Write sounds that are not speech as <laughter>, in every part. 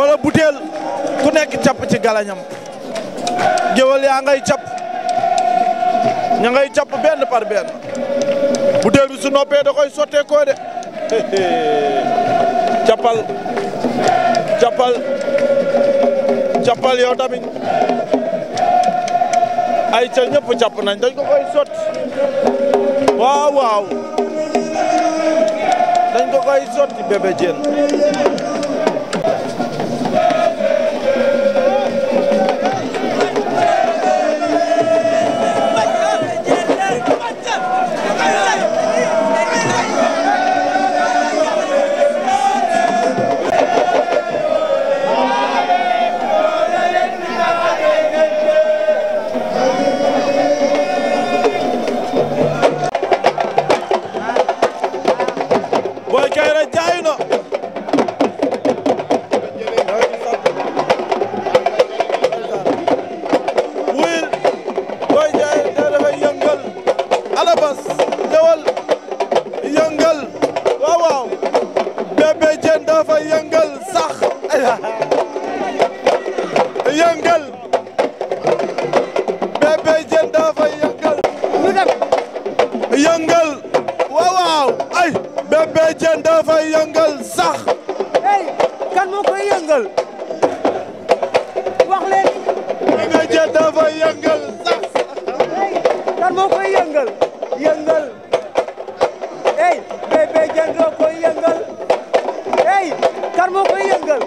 wala butéel ku nekk capp ci galañam géwal yaa ngay capp ña ngay capp benn par benn butéel bi su noppee da koy sottee koo de <laughs> cappal cappal cappal yow tamit ay ca ñëpp capp nañ dañ ko koy sot waaw waaw dañ koy sotti bébé Diène yëngal wax leen Bébé Diène moo koy yëngal yëngal ey Bébé Diène doo koy yëngal ey kan moo koy yëngal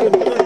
États-Unis